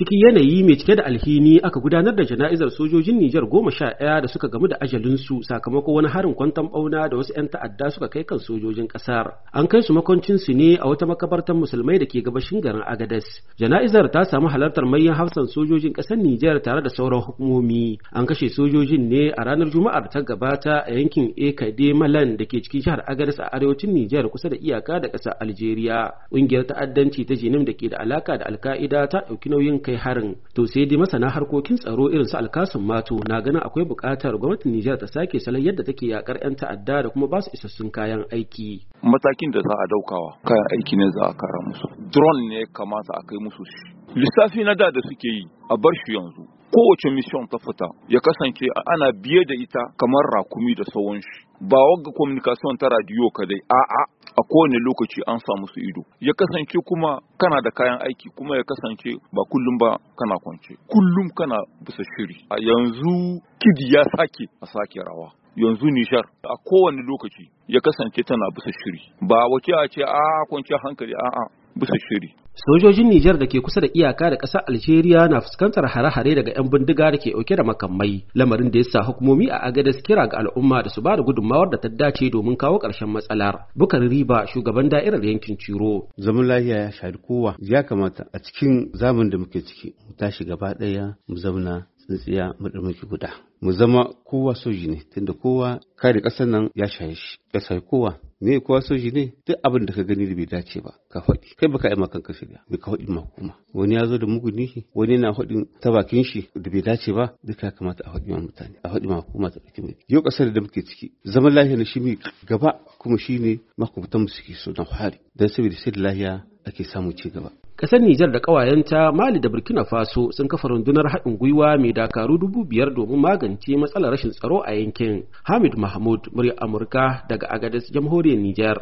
cikin yanayi mai cike da alhini aka gudanar da jana'izar sojojin Nijar goma sha ɗaya da suka gamu da ajalinsu sakamakon wani harin kwantan ɓauna da wasu 'yan ta'adda suka kai kan sojojin ƙasar. An kai su makoncinsu ne a wata makabartar musulmai da ke gabashin garin Agadez. Jana'izar ta samu halartar manyan hafsan sojojin ƙasar Nijar tare da sauran hukumomi. An kashe sojojin ne a ranar Juma'ar ta gabata a yankin Ekade Malan da ke cikin jihar Agadez a arewacin Nijar kusa da iyaka da ƙasar Algeria. Ƙungiyar ta'addanci ta Jinim da ke da alaka da Alka'ida ta ɗauki nauyin kai harin to sai dai masana harkokin tsaro irin su alkasun mato na ganin akwai buƙatar gwamnatin Nijar ta sake salon yadda take yakar 'yan ta'adda da kuma ba su isassun kayan aiki matakin da za a daukawa kayan aiki ne za a kara musu drone ne kamata a kai musu shi lissafi na da da suke yi a bar shi yanzu kowace mission ta fita ya kasance ana biye da ita kamar rakumi da sauran shi ba wagga communication ta radio kadai a'a a kowane lokaci an samu su ido ya kasance kuma kana da kayan aiki kuma ya kasance ba kullum ba kana kwance kullum kana bisa shiri a yanzu kidi ya sake a sake rawa yanzu nishar a kowane lokaci ya kasance tana bisa shiri ba wace a ce a ah, kwanciyar hankali a'a bisa shiri. Sojojin Nijar da ke kusa da iyaka da ƙasar Algeria na fuskantar hare-hare daga 'yan bindiga da ke ɗauke da makamai, lamarin da ya sa hukumomi a Agadez kira ga al'umma da su ba da gudunmawar da ta dace domin kawo ƙarshen matsalar. Bukar Riba, shugaban da'irar yankin Ciro. Zaman lafiya ya shaɗi kowa, ya kamata a cikin zaman da muke ciki, mu tashi gaba ɗaya mu zauna tsintsiya madarmaki guda. Mu zama kowa soji ne, tunda kowa kare ƙasar nan ya shaye shi, ya kowa. ne kuwa soji ne duk abin da ka gani da bai dace ba ka faɗi kai baka yi makan ka shirya bai ka faɗi ma kuma wani ya zo da muguni shi wani na faɗi ta bakin shi da bai dace ba duka ya kamata a faɗi ma mutane a faɗi ma kuma ta ɗauki mai yau ƙasar da muke ciki zaman lahiya na shi mai gaba kuma shi ne makwabtan mu suke so na fari don saboda sai da lahiya ake samu ci gaba Ƙasar Nijar da kawayenta Mali da Burkina Faso sun kafa rundunar haɗin gwiwa mai dakaru dubu biyar domin magance matsalar rashin tsaro a yankin. Hamid Mahmud, murya Amurka daga Agadez, Jamhuriyar Nijar.